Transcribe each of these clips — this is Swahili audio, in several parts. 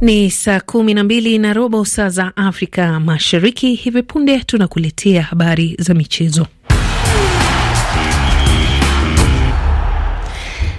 Ni saa kumi na mbili na robo saa za Afrika Mashariki. Hivi punde tunakuletea habari za michezo.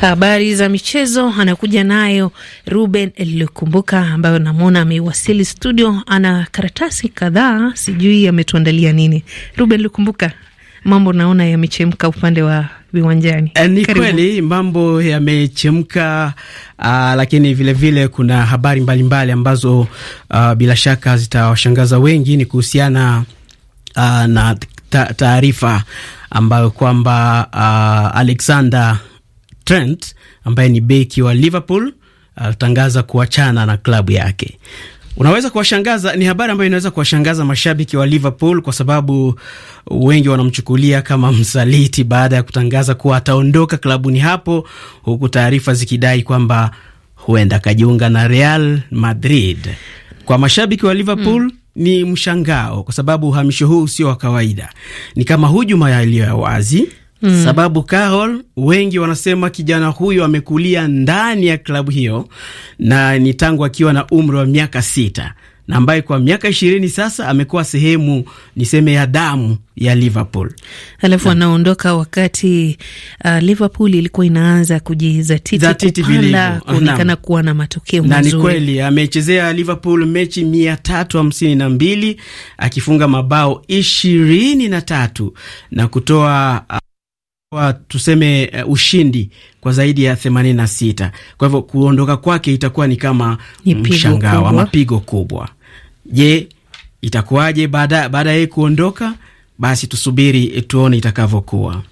Habari za michezo anakuja nayo Ruben Lukumbuka, ambayo namwona amewasili studio, ana karatasi kadhaa, sijui ametuandalia nini. Ruben Lukumbuka, mambo naona yamechemka upande wa viwanjani. Eh, ni kweli mambo yamechemka, ah, lakini vilevile vile kuna habari mbalimbali mbali ambazo aa, ah, bila shaka zitawashangaza wengi. Ni kuhusiana ah, na taarifa ambayo kwamba Alexander Trent ambaye ni beki wa Liverpool atangaza kuachana na klabu yake. Unaweza kuwashangaza, ni habari ambayo inaweza kuwashangaza mashabiki wa Liverpool kwa sababu wengi wanamchukulia kama msaliti baada ya kutangaza kuwa ataondoka klabuni hapo, huku taarifa zikidai kwamba huenda akajiunga na Real Madrid. Kwa mashabiki wa Liverpool hmm, Ni mshangao kwa sababu uhamisho huu sio wa kawaida, ni kama hujuma iliyo ya wazi mm. Sababu Carol, wengi wanasema kijana huyo amekulia ndani ya klabu hiyo na ni tangu akiwa na umri wa miaka sita na ambaye kwa miaka ishirini sasa amekuwa sehemu niseme ya damu ya Liverpool. Alafu anaondoka wakati uh, Liverpool ilikuwa inaanza kujizatiti kupanda kuonekana kuwa na matokeo mazuri. Na ni kweli amechezea Liverpool mechi mia tatu hamsini na mbili akifunga mabao ishirini na tatu na kutoa uh, wa tuseme uh, ushindi kwa zaidi ya 86. Kwa hivyo kuondoka kwake itakuwa ni kama mshangao ama pigo kubwa. Je, itakuwaje baada ya yeye kuondoka? Basi tusubiri eh, tuone itakavyokuwa.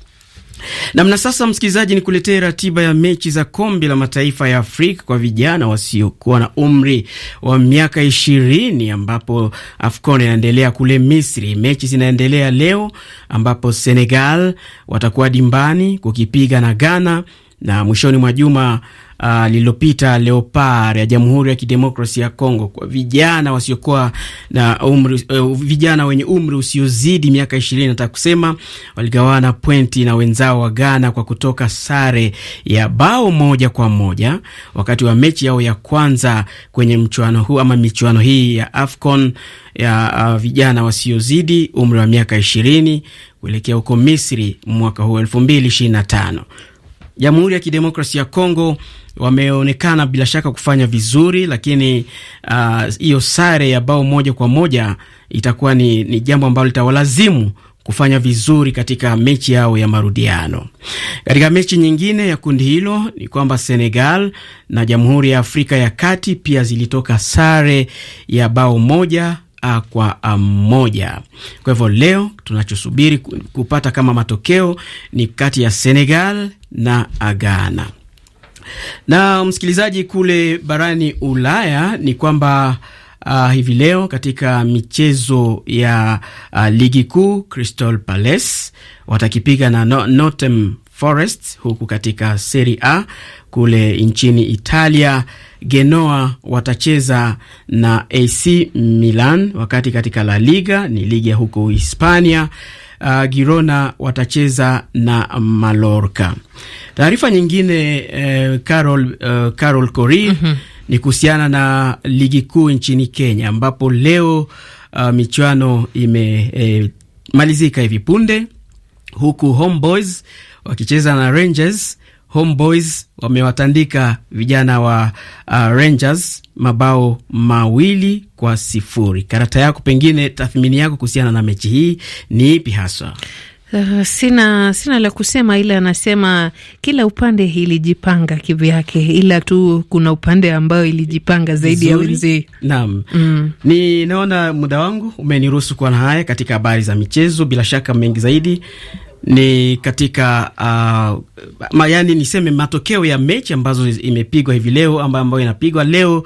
Namna sasa, msikilizaji, ni kuletee ratiba ya mechi za kombe la mataifa ya Afrika kwa vijana wasiokuwa na umri wa miaka ishirini ambapo AFCON inaendelea kule Misri. Mechi zinaendelea leo ambapo Senegal watakuwa dimbani kukipiga na Ghana na mwishoni mwa juma uh, lililopita Leopard ya Jamhuri ya Kidemokrasi ya Congo kwa vijana wasiokuwa na umri, uh, vijana wenye umri usiozidi miaka ishirini. Nataka kusema waligawana pointi na wenzao wa Ghana kwa kutoka sare ya bao moja kwa moja wakati wa mechi yao ya kwanza kwenye mchuano huu ama michuano hii ya AFCON ya uh, vijana wasiozidi umri wa miaka ishirini kuelekea huko Misri mwaka huu elfu mbili ishirini na tano. Jamhuri ya Kidemokrasi ya Kongo wameonekana bila shaka kufanya vizuri, lakini ah, hiyo uh, sare ya bao moja kwa moja itakuwa ni, ni jambo ambalo litawalazimu kufanya vizuri katika mechi yao ya marudiano. Katika mechi nyingine ya kundi hilo ni kwamba Senegal na Jamhuri ya Afrika ya Kati pia zilitoka sare ya bao moja a kwa moja. Kwa hivyo leo tunachosubiri kupata kama matokeo ni kati ya Senegal na Ghana. Na msikilizaji, kule barani Ulaya ni kwamba Uh, hivi leo katika michezo ya uh, ligi kuu Crystal Palace watakipiga na Nottingham Forest, huku katika Serie A kule nchini Italia Genoa watacheza na AC Milan, wakati katika La Liga ni ligi ya huko Hispania uh, Girona watacheza na Mallorca. Taarifa nyingine uh, Carol, uh, Carol Cori mm -hmm. ni kuhusiana na ligi kuu nchini Kenya ambapo leo uh, michuano imemalizika eh, hivi punde huku Homeboys wakicheza na Rangers Homeboys wamewatandika vijana wa uh, Rangers mabao mawili kwa sifuri. Karata yako pengine, tathmini yako kuhusiana na mechi hii ni ipi haswa? Uh, sina sina la kusema, ila anasema kila upande ilijipanga kivyake, ila tu kuna upande ambao ilijipanga zaidi ya wenzii. Naam, mm. Ni naona muda wangu umeniruhusu kuwa na haya katika habari za michezo. Bila shaka mengi zaidi ni katika uh, ma, yani niseme matokeo ya mechi ambazo imepigwa hivi leo ambayo, ambayo inapigwa leo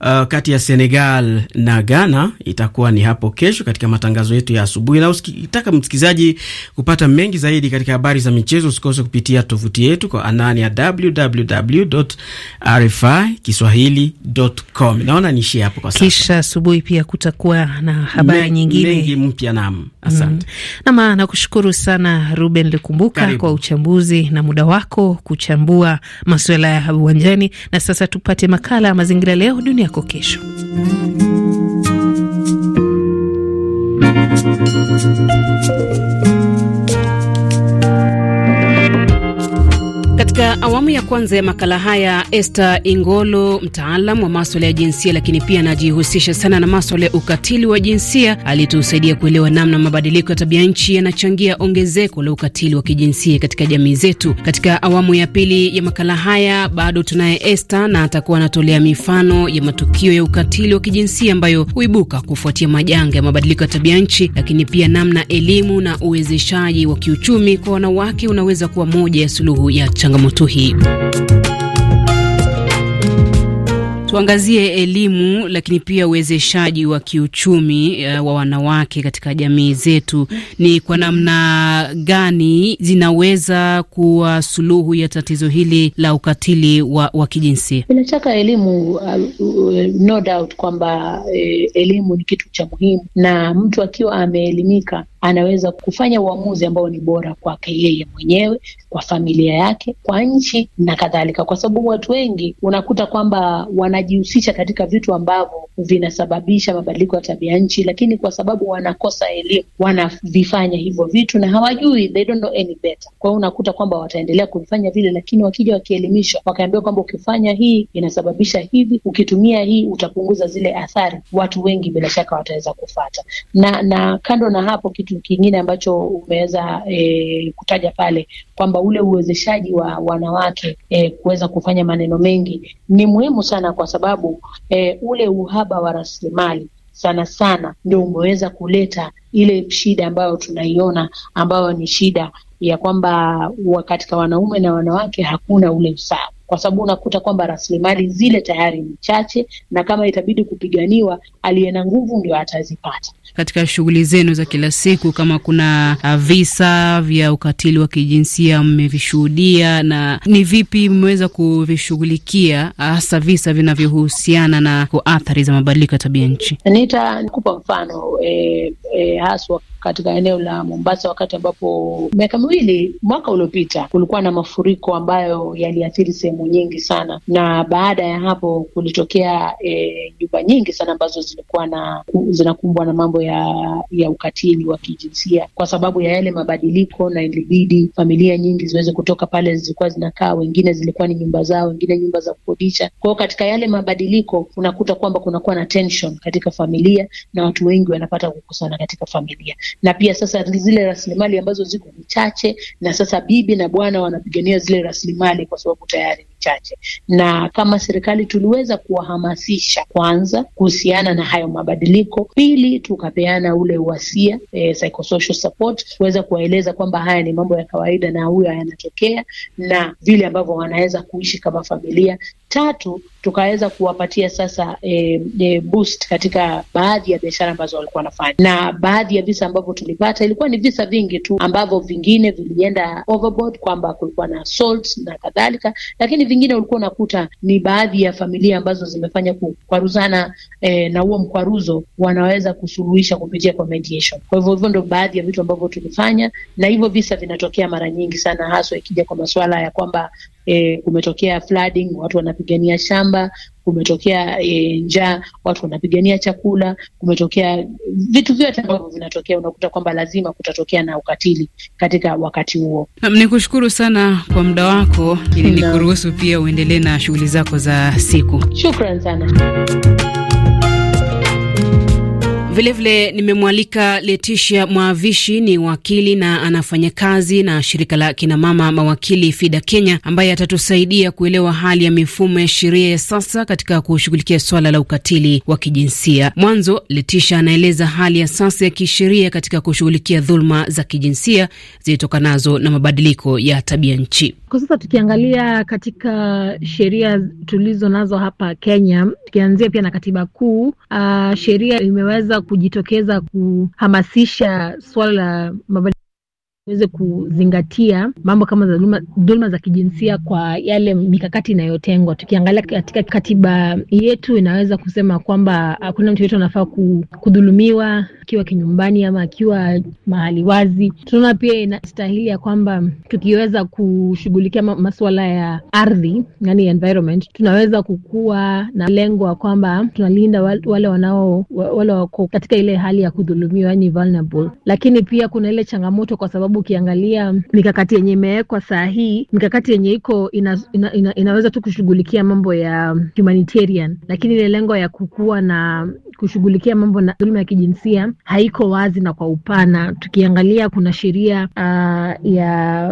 uh, kati ya Senegal na Ghana itakuwa ni hapo kesho katika matangazo yetu ya asubuhi. Na ukitaka msikilizaji kupata mengi zaidi katika habari za michezo, usikose kupitia tovuti yetu kwa anani ya www.rfikiswahili.com. Naona niishie hapo kwa sasa, kisha asubuhi pia kutakuwa na habari Men, nyingine mengi mpya. Naam, asante mm-hmm. nama, nakushukuru sana Ruben Likumbuka Karibu. kwa uchambuzi na muda wako kuchambua masuala ya uwanjani, na sasa tupate makala ya mazingira leo dunia yako kesho. Katika awamu ya kwanza ya makala haya, Esther Ingolo, mtaalam wa maswala ya jinsia, lakini pia anajihusisha sana na maswala ya ukatili wa jinsia, alitusaidia kuelewa namna mabadiliko ya tabia nchi yanachangia ongezeko la ukatili wa kijinsia katika jamii zetu. Katika awamu ya pili ya makala haya, bado tunaye Esther na atakuwa anatolea mifano ya matukio ya ukatili wa kijinsia ambayo huibuka kufuatia majanga ya mabadiliko ya tabia nchi, lakini pia namna elimu na uwezeshaji wa kiuchumi kwa wanawake unaweza kuwa moja ya suluhu ya changamoto changamoto hii. Tuangazie elimu lakini pia uwezeshaji wa kiuchumi uh, wa wanawake katika jamii zetu. Ni kwa namna gani zinaweza kuwa suluhu ya tatizo hili la ukatili wa, wa kijinsia? Bila shaka elimu, uh, uh, no doubt kwamba uh, elimu ni kitu cha muhimu, na mtu akiwa ameelimika anaweza kufanya uamuzi ambao ni bora kwake yeye mwenyewe, kwa familia yake, kwa nchi na kadhalika, kwa sababu watu wengi unakuta kwamba wanajihusisha katika vitu ambavyo vinasababisha mabadiliko ya tabia nchi, lakini kwa sababu wanakosa elimu wanavifanya hivyo vitu na hawajui, they don't know any better. Kwa hiyo unakuta kwamba wataendelea kuvifanya vile, lakini wakija wakielimishwa, wakaambiwa kwamba ukifanya hii inasababisha hivi, ukitumia hii utapunguza zile athari, watu wengi bila shaka wataweza kufata na, na kando na hapo kitu kitu kingine ambacho umeweza e, kutaja pale kwamba ule uwezeshaji wa wanawake e, kuweza kufanya maneno mengi ni muhimu sana, kwa sababu e, ule uhaba wa rasilimali sana sana ndio umeweza kuleta ile shida ambayo tunaiona ambayo ni shida ya kwamba katika wanaume na wanawake hakuna ule usawa kwa sababu unakuta kwamba rasilimali zile tayari ni chache, na kama itabidi kupiganiwa, aliye na nguvu ndio atazipata. Katika shughuli zenu za kila siku, kama kuna uh, visa vya ukatili wa kijinsia mmevishuhudia, na ni vipi mmeweza kuvishughulikia, uh, hasa visa vinavyohusiana na athari za mabadiliko ya tabia nchi? Nitakupa mfano e, e, haswa katika eneo la Mombasa wakati ambapo miaka miwili mwaka uliopita kulikuwa na mafuriko ambayo yaliathiri sehemu nyingi sana, na baada ya hapo kulitokea e, nyumba e, nyingi sana ambazo zilikuwa na zinakumbwa na mambo ya ya ukatili wa kijinsia kwa sababu ya yale mabadiliko, na ilibidi familia nyingi ziweze kutoka pale zilikuwa zinakaa, wengine zilikuwa ni nyumba zao, wengine nyumba za kukodisha. Kwa hiyo katika yale mabadiliko unakuta kwamba kunakuwa na tension katika familia na watu wengi wanapata kukusana katika familia na pia sasa zile rasilimali ambazo ziko ni chache, na sasa bibi na bwana wanapigania zile rasilimali kwa sababu tayari chache, na kama serikali tuliweza kuwahamasisha kwanza kuhusiana na hayo mabadiliko, pili tukapeana ule uhasia e, psychosocial support kuweza kuwaeleza kwamba haya ni mambo ya kawaida na huyo yanatokea na vile ambavyo wanaweza kuishi kama familia. Tatu, tukaweza kuwapatia sasa e, e, boost katika baadhi ya biashara ambazo walikuwa wanafanya, na baadhi ya visa ambavyo tulipata ilikuwa ni visa vingi tu ambavyo vingine vilienda overboard kwamba kulikuwa na assault na kadhalika, lakini vingine ulikuwa unakuta ni baadhi ya familia ambazo zimefanya kukwaruzana e, eh, na huo mkwaruzo wanaweza kusuluhisha kupitia kwa mediation. Kwa hivyo hivyo ndo baadhi ya vitu ambavyo tulifanya, na hivyo visa vinatokea mara nyingi sana, haswa ikija kwa masuala ya kwamba e, kumetokea flooding, watu wanapigania shamba, kumetokea e, njaa, watu wanapigania chakula, kumetokea vitu vyote ambavyo vinatokea, unakuta kwamba lazima kutatokea na ukatili katika wakati huo. Ni kushukuru sana kwa muda wako, ili nikuruhusu pia uendelee na shughuli zako za siku. Shukran sana. Vilevile nimemwalika letisha Mwavishi, ni wakili na anafanya kazi na shirika la kinamama mawakili FIDA Kenya, ambaye atatusaidia kuelewa hali ya mifumo ya sheria ya sasa katika kushughulikia swala la ukatili wa kijinsia. Mwanzo, letisha anaeleza hali ya sasa ya kisheria katika kushughulikia dhuluma za kijinsia zilitokanazo na mabadiliko ya tabia nchi. Kwa sasa tukiangalia katika sheria tulizo nazo hapa Kenya, tukianzia pia na katiba kuu, uh, sheria imeweza kujitokeza kuhamasisha swala la mabadiliko iweze kuzingatia mambo kama za dhuluma, za kijinsia kwa yale mikakati inayotengwa. Tukiangalia katika katiba yetu inaweza kusema kwamba hakuna mtu yeyote anafaa kudhulumiwa akiwa kinyumbani ama akiwa mahali wazi. Tunaona pia inastahili ya kwamba tukiweza kushughulikia masuala ya ardhi, yani environment, tunaweza kukua na lengo ya kwamba tunalinda wale wanao wale wako katika ile hali ya kudhulumiwa, yani vulnerable. Lakini pia kuna ile changamoto kwa sababu sababu ukiangalia mikakati yenye imewekwa saa hii, mikakati yenye iko ina, ina, ina, inaweza tu kushughulikia mambo ya humanitarian, lakini ile lengo ya kukuwa na kushughulikia mambo na dhuluma ya kijinsia haiko wazi na kwa upana. Tukiangalia kuna sheria uh, ya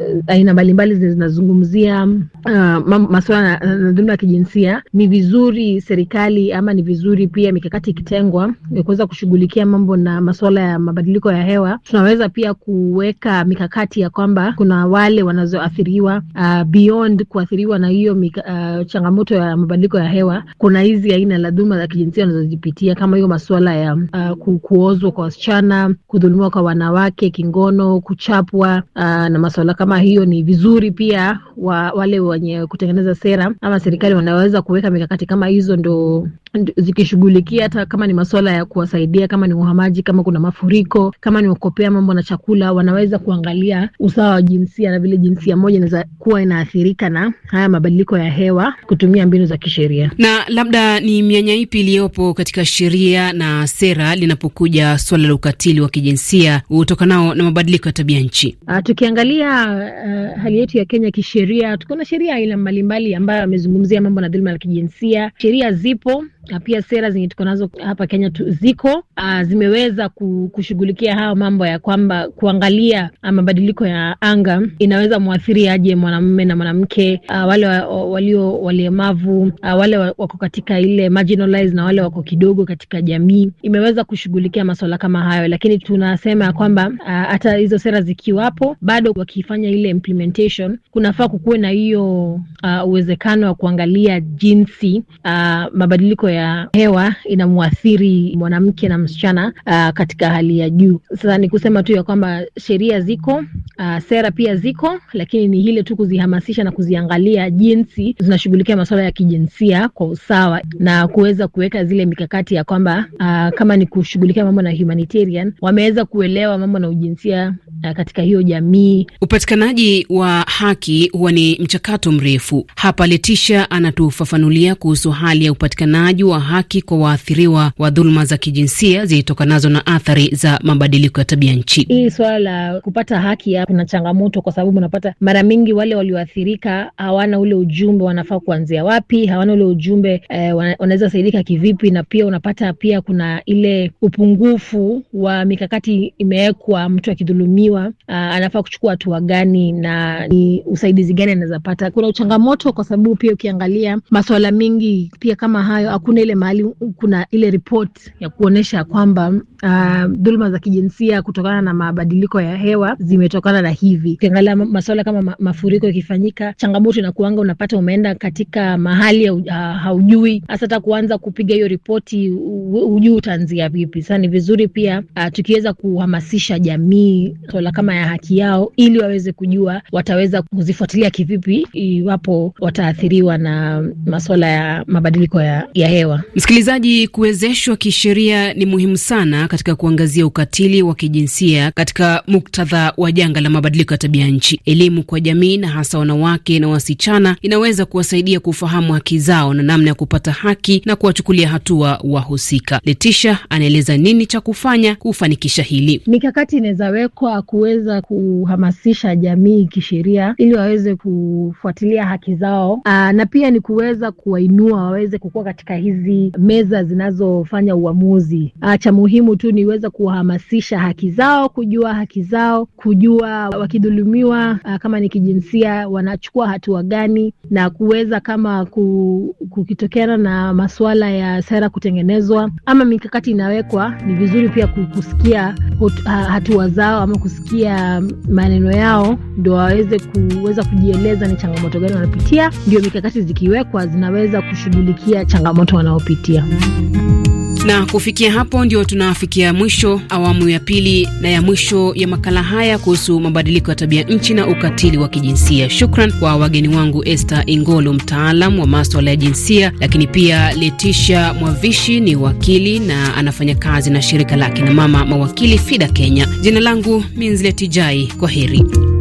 Eh, aina mbalimbali zinazungumzia uh, maswala ya dhuluma ya kijinsia, ni vizuri serikali ama ni vizuri pia mikakati ikitengwa kuweza kushughulikia mambo na maswala ya mabadiliko ya hewa. Tunaweza pia kuweka mikakati ya kwamba kuna wale wanazoathiriwa uh, beyond kuathiriwa na hiyo uh, changamoto ya mabadiliko ya hewa, kuna hizi aina la dhuluma za kijinsia wanazojipitia kama hiyo maswala ya uh, kuozwa kwa wasichana, kudhulumiwa kwa wanawake kingono, kuchapwa uh, na maswala kama kama hiyo ni vizuri pia wa, wale wenye kutengeneza sera ama serikali wanaweza kuweka mikakati kama hizo, ndo zikishughulikia hata kama ni masuala ya kuwasaidia, kama ni uhamaji, kama kuna mafuriko, kama ni wakopea mambo na chakula, wanaweza kuangalia usawa wa jinsia na vile jinsia moja inaweza kuwa inaathirika na haya mabadiliko ya hewa kutumia mbinu za kisheria. Na labda ni mianya ipi iliyopo katika sheria na sera linapokuja swala la ukatili wa kijinsia utokanao na mabadiliko ya tabia nchi? Ah, tukiangalia uh, hali yetu ya Kenya kisheria, tukiona sheria aina mbalimbali ambayo amezungumzia mambo na dhuluma la kijinsia. Sheria zipo na pia sera zenye tuko nazo hapa Kenya tu, ziko uh, zimeweza kushughulikia hayo mambo ya kwamba kuangalia ah, mabadiliko ya anga inaweza mwathiri aje mwanamume na mwanamke, ah, wale walio walemavu, wale wako katika ile marginalized na wale wako kidogo katika jamii. Imeweza kushughulikia masuala kama hayo, lakini tunasema ya kwamba hata hizo sera zikiwapo, bado wakifanya ile implementation, kunafaa kukuwe na hiyo uwezekano wa kuangalia jinsi uh, mabadiliko ya hewa inamwathiri mwanamke na msichana uh, katika hali ya juu. Sasa ni kusema tu ya kwamba sheria ziko, uh, sera pia ziko, lakini ni ile tu kuzihamasisha na kuziangalia jinsi zinashughulikia masuala ya kijinsia kwa usawa na kuweza kuweka zile mikakati ya kwamba uh, kama ni kushughulikia mambo na humanitarian, wameweza kuelewa mambo na ujinsia uh, katika hiyo jamii. Upatikanaji wa haki huwa ni mchakato mrefu. Hapa Letisha anatufafanulia kuhusu hali ya upatikanaji utoaji wa haki kwa waathiriwa wa dhuluma za kijinsia zilitokanazo na athari za mabadiliko ya tabia nchi. Hii swala la kupata haki ya kuna changamoto, kwa sababu unapata mara mingi wale walioathirika hawana ule ujumbe wanafaa kuanzia wapi, hawana ule ujumbe eh, wanaweza saidika kivipi, na pia unapata pia kuna ile upungufu wa mikakati imewekwa, mtu akidhulumiwa ah, anafaa kuchukua hatua gani na ni usaidizi gani anaweza pata. Kuna uchangamoto kwa sababu pia ukiangalia masuala mengi pia kama hayo kuna ile mahali kuna ile ripot ya kuonyesha kwamba uh, dhuluma za kijinsia kutokana na mabadiliko ya hewa zimetokana na hivi. Ukiangalia masuala kama ma, mafuriko ikifanyika, changamoto inakuanga unapata umeenda katika mahali uh, haujui hasa hata kuanza kupiga hiyo ripoti, hujui utaanzia vipi. Sasa ni vizuri pia uh, tukiweza kuhamasisha jamii swala kama ya haki yao, ili waweze kujua wataweza kuzifuatilia kivipi iwapo wataathiriwa na masuala ya mabadiliko ya, ya hewa hewa. Msikilizaji, kuwezeshwa kisheria ni muhimu sana katika kuangazia ukatili wa kijinsia katika muktadha wa janga la mabadiliko ya tabia nchi. Elimu kwa jamii na hasa wanawake na wasichana inaweza kuwasaidia kufahamu haki zao na namna ya kupata haki na kuwachukulia hatua wahusika. Letisha anaeleza nini cha kufanya kufanikisha hili. Mikakati inaweza wekwa kuweza kuhamasisha jamii kisheria ili waweze kufuatilia haki zao. Aa, na pia ni kuweza kuwainua waweze kukua katika hii hizi meza zinazofanya uamuzi. Ah, cha muhimu tu niweza kuwahamasisha haki zao, kujua haki zao, kujua wakidhulumiwa ah, kama ni kijinsia wanachukua hatua gani, na kuweza kama kukitokeana na masuala ya sera kutengenezwa ama mikakati inawekwa, ni vizuri pia kusikia hatua zao ama kusikia maneno yao, ndo waweze kuweza kujieleza ni changamoto gani wanapitia, ndio mikakati zikiwekwa zinaweza kushughulikia changamoto wanaopitia. Na kufikia hapo ndio tunafikia mwisho awamu ya pili na ya mwisho ya makala haya kuhusu mabadiliko ya tabia nchi na ukatili wa kijinsia. Shukran kwa wageni wangu Esther Ingolo, mtaalam wa maswala ya jinsia, lakini pia Letisha Mwavishi ni wakili na anafanya kazi na shirika la akinamama mawakili FIDA Kenya. Jina langu Minzletijai, kwa heri.